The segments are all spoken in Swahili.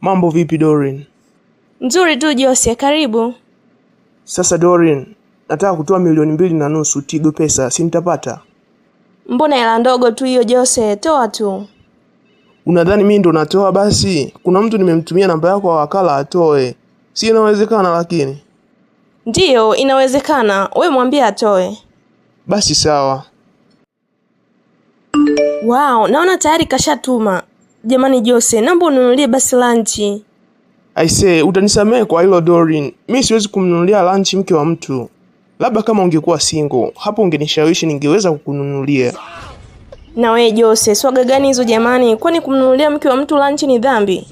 Mambo vipi Dorin? Nzuri tu Jose, karibu. Sasa Dorin, nataka kutoa milioni mbili na nusu Tigo Pesa, si nitapata? Mbona hela ndogo tu hiyo Jose, toa tu. Unadhani mimi ndo natoa? Basi kuna mtu nimemtumia namba yako wa wakala atoe, si inawezekana? Lakini ndiyo inawezekana, we mwambie atoe. Basi sawa. Wow, naona tayari kashatuma. Jamani Jose, naomba ununulie basi lanchi. Aisee, utanisamehe kwa hilo Dorin, mi siwezi kumnunulia lanchi mke wa mtu. Labda kama ungekuwa single, hapo ungenishawishi ningeweza kukununulia. Na wewe Jose, swaga gani hizo jamani? Kwani kumnunulia mke wa mtu lanchi ni dhambi?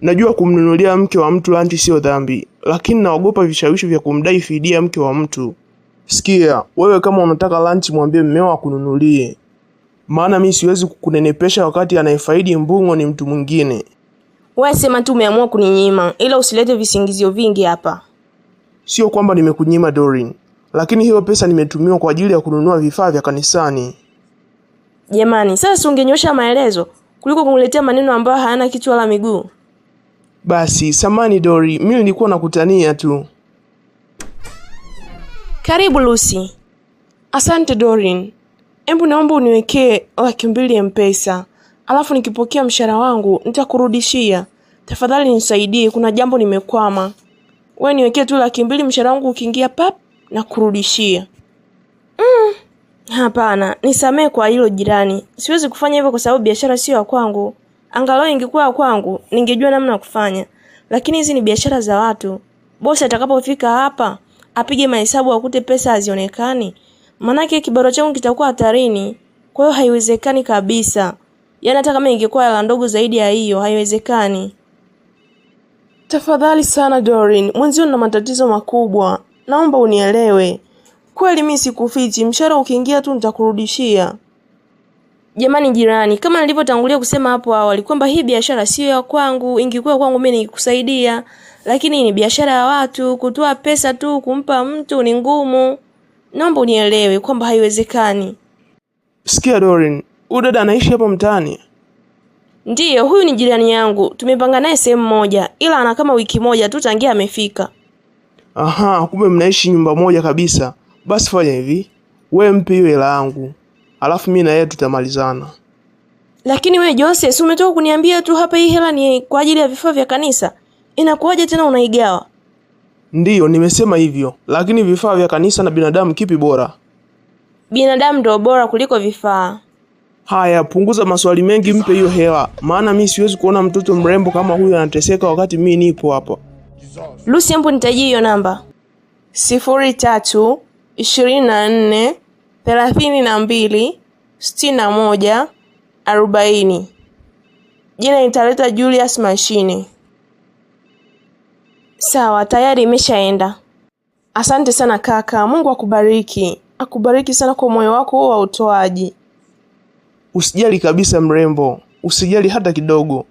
Najua kumnunulia mke wa mtu lanchi siyo dhambi, lakini naogopa vishawishi vya kumdai fidia mke wa mtu. Sikia, wewe kama unataka lanchi, mwambie mmeo akununulie maana mi siwezi kukunenepesha wakati anayefaidi mbung'o ni mtu mwingine. We sema tu umeamua kuninyima, ila usilete visingizio vingi hapa. Sio kwamba nimekunyima Dorin, lakini hiyo pesa nimetumiwa kwa ajili ya kununua vifaa vya kanisani. Jamani, sasa ungenyosha maelezo kuliko kumletea maneno ambayo hayana kichwa wala miguu. Basi samani Dori, mi nilikuwa nakutania tu. Karibu Lucy. Asante Dorin hebu naomba uniwekee laki mbili ya mpesa alafu nikipokea mshahara wangu nitakurudishia tafadhali nisaidie kuna jambo nimekwama we niwekee tu laki mbili mshahara wangu ukiingia pap na kurudishia mm. hapana nisamee kwa hilo jirani siwezi kufanya hivyo kwa sababu biashara sio ya kwangu angalau ingekuwa ya kwangu ningejua namna ya kufanya lakini hizi ni biashara za watu bosi atakapofika hapa apige mahesabu akute pesa hazionekani Manake kibarua changu kitakuwa hatarini. Kwa hiyo haiwezekani kabisa. Yaani hata kama ingekuwa hela ndogo zaidi ya hiyo, haiwezekani. Tafadhali sana Dorin, mwenzio na matatizo makubwa. Naomba unielewe. Kweli mimi sikufiti mshara ukiingia tu nitakurudishia. Jamani jirani, kama nilivyotangulia kusema hapo awali kwamba hii biashara siyo ya kwangu, ingekuwa kwangu mimi ningekusaidia, lakini ni biashara ya watu, kutoa pesa tu kumpa mtu ni ngumu naomba unielewe kwamba haiwezekani. Sikia Dorin, huyu dada anaishi hapo mtaani? Ndiyo, huyu ni jirani yangu, tumepanga naye sehemu moja, ila ana kama wiki moja tu tangia amefika. Aha, kumbe mnaishi nyumba moja kabisa. Basi fanya hivi, we mpe hiyo hela yangu, alafu mi na yeye tutamalizana. Lakini we Jose, si umetoka kuniambia tu hapa hii hela ni kwa ajili ya vifaa vya kanisa, inakuwaje tena unaigawa? Ndiyo, nimesema hivyo, lakini vifaa vya kanisa na binadamu, kipi bora? Binadamu ndio bora kuliko vifaa. Haya, punguza maswali mengi, mpe hiyo hela, maana mi siwezi kuona mtoto mrembo kama huyo anateseka wakati mi nipo hapa. Lucy, hebu nitajie hiyo namba: sifuri tatu ishirini na nne thelathini na mbili sitini na moja arobaini. Jina nitaleta Julius Mashine. Sawa, tayari imeshaenda. Asante sana kaka, Mungu akubariki, akubariki sana kwa moyo wako huo wa utoaji. Usijali kabisa mrembo, usijali hata kidogo.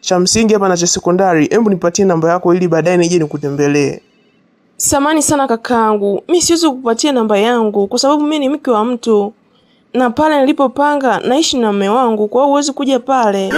Cha msingi hapa na cha sekondari, hebu nipatie namba yako ili baadaye nije nikutembelee. Samani sana kakaangu, mi siwezi kupatia namba yangu kwa sababu mi ni mke wa mtu, na pale nilipopanga naishi na mme wangu, kwa hiyo huwezi kuja pale.